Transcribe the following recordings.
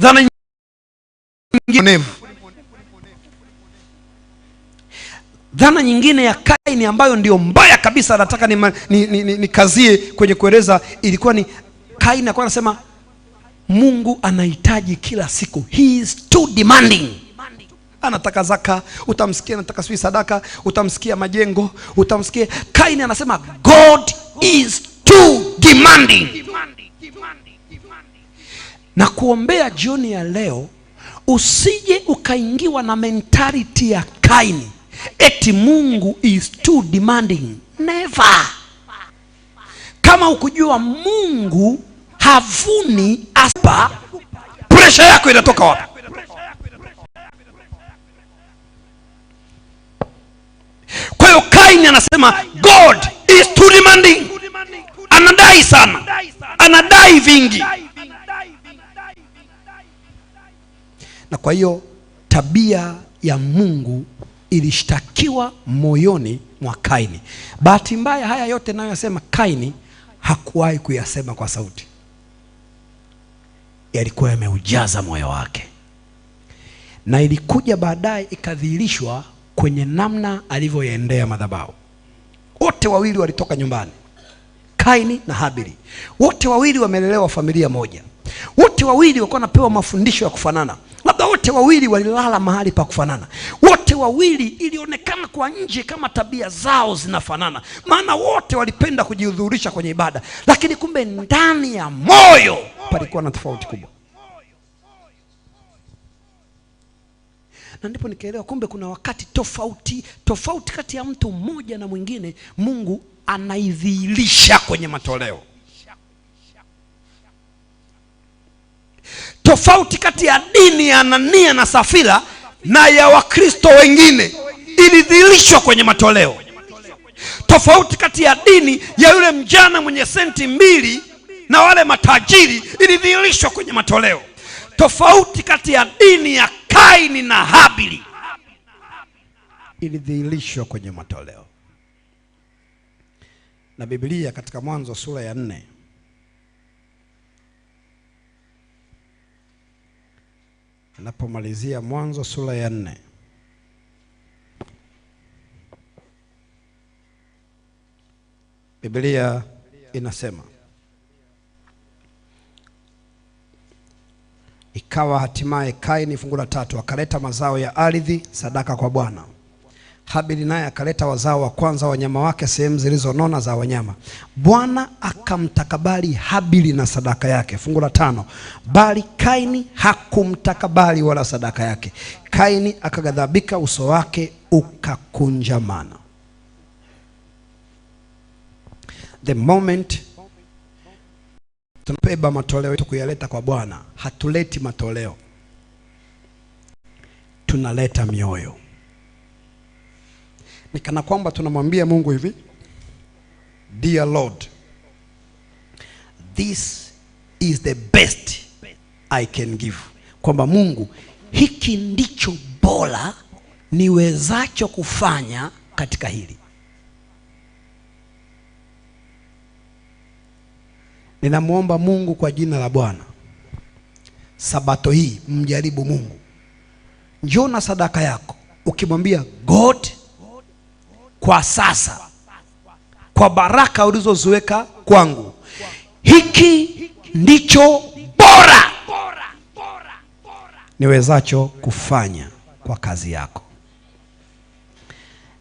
Dhana nyingine, dhana nyingine ya Kaini ambayo ndio mbaya kabisa, nataka nikazie ni, ni, ni, ni kwenye kueleza, ilikuwa ni Kaini akawa anasema Mungu anahitaji kila siku, he is too demanding anataka zaka, utamsikia anataka sijui sadaka, utamsikia majengo, utamsikia. Kaini anasema God is too demanding na kuombea jioni ya leo, usije ukaingiwa na mentality ya Kaini eti Mungu is too demanding. Never. Kama ukujua Mungu havuni aspa, presha yako inatoka wapi? Kwa hiyo Kaini anasema God is too demanding, anadai sana anadai vingi, na kwa hiyo tabia ya Mungu ilishtakiwa moyoni mwa Kaini. Bahati mbaya haya yote nayoyasema Kaini hakuwahi kuyasema kwa sauti, yalikuwa yameujaza moyo wake, na ilikuja baadaye ikadhihirishwa kwenye namna alivyoendea madhabahu. Wote wawili walitoka nyumbani Kaini na Habili. Wote wawili wamelelewa familia moja, wote wawili walikuwa wanapewa mafundisho ya kufanana, labda wote wawili walilala mahali pa kufanana, wote wawili ilionekana kwa nje kama tabia zao zinafanana, maana wote walipenda kujihudhurisha kwenye ibada, lakini kumbe ndani ya moyo palikuwa na tofauti kubwa. na ndipo nikaelewa kumbe kuna wakati tofauti tofauti kati ya mtu mmoja na mwingine Mungu anaidhihirisha kwenye matoleo. Tofauti kati ya dini ya Anania na Safira na ya Wakristo wengine ilidhihirishwa kwenye matoleo. Tofauti kati ya dini ya yule mjana mwenye senti mbili na wale matajiri ilidhihirishwa kwenye matoleo. Tofauti kati ya dini ya Kaini na Habili ilidhihirishwa kwenye matoleo na Biblia katika Mwanzo sura ya nne anapomalizia Mwanzo sura ya nne Biblia inasema ikawa hatimaye Kaini fungu la tatu akaleta mazao ya ardhi sadaka kwa Bwana Habili naye akaleta wazao wa kwanza wanyama wake sehemu zilizonona za wanyama. Bwana akamtakabali Habili na sadaka yake. Fungu la tano. Bali Kaini hakumtakabali wala sadaka yake. Kaini akaghadhabika, uso wake ukakunjamana. The moment tunabeba matoleo yetu kuyaleta kwa Bwana, hatuleti matoleo, tunaleta mioyo ni kana kwamba tunamwambia Mungu hivi, Dear Lord, this is the best I can give, kwamba Mungu, hiki ndicho bora niwezacho kufanya katika hili. Ninamwomba Mungu kwa jina la Bwana, sabato hii mjaribu Mungu, njoo na sadaka yako ukimwambia God kwa sasa kwa baraka ulizoziweka kwangu. Hiki ndicho bora niwezacho kufanya kwa kazi yako.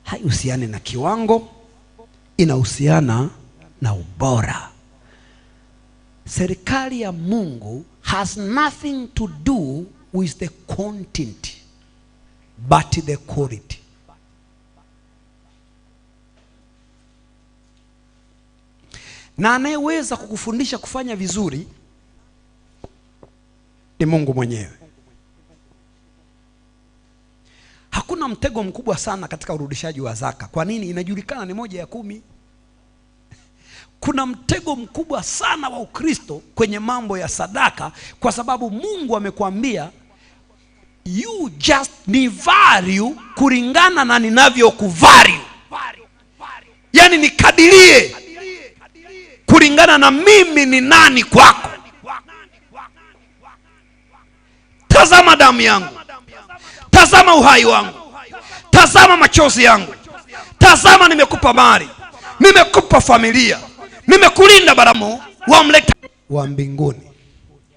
Haihusiani na kiwango, inahusiana na ubora. Serikali ya Mungu has nothing to do with the content but the quality. na anayeweza kukufundisha kufanya vizuri ni Mungu mwenyewe. Hakuna mtego mkubwa sana katika urudishaji wa zaka. Kwa nini? Inajulikana ni moja ya kumi. Kuna mtego mkubwa sana wa Ukristo kwenye mambo ya sadaka, kwa sababu Mungu amekwambia you just ni value kulingana na ninavyokuvalue, yani nikadirie na mimi ni nani kwako. Tazama damu yangu, tazama uhai wangu, tazama machozi yangu, tazama nimekupa mali, nimekupa familia, nimekulinda baramu wa mleta wa mbinguni.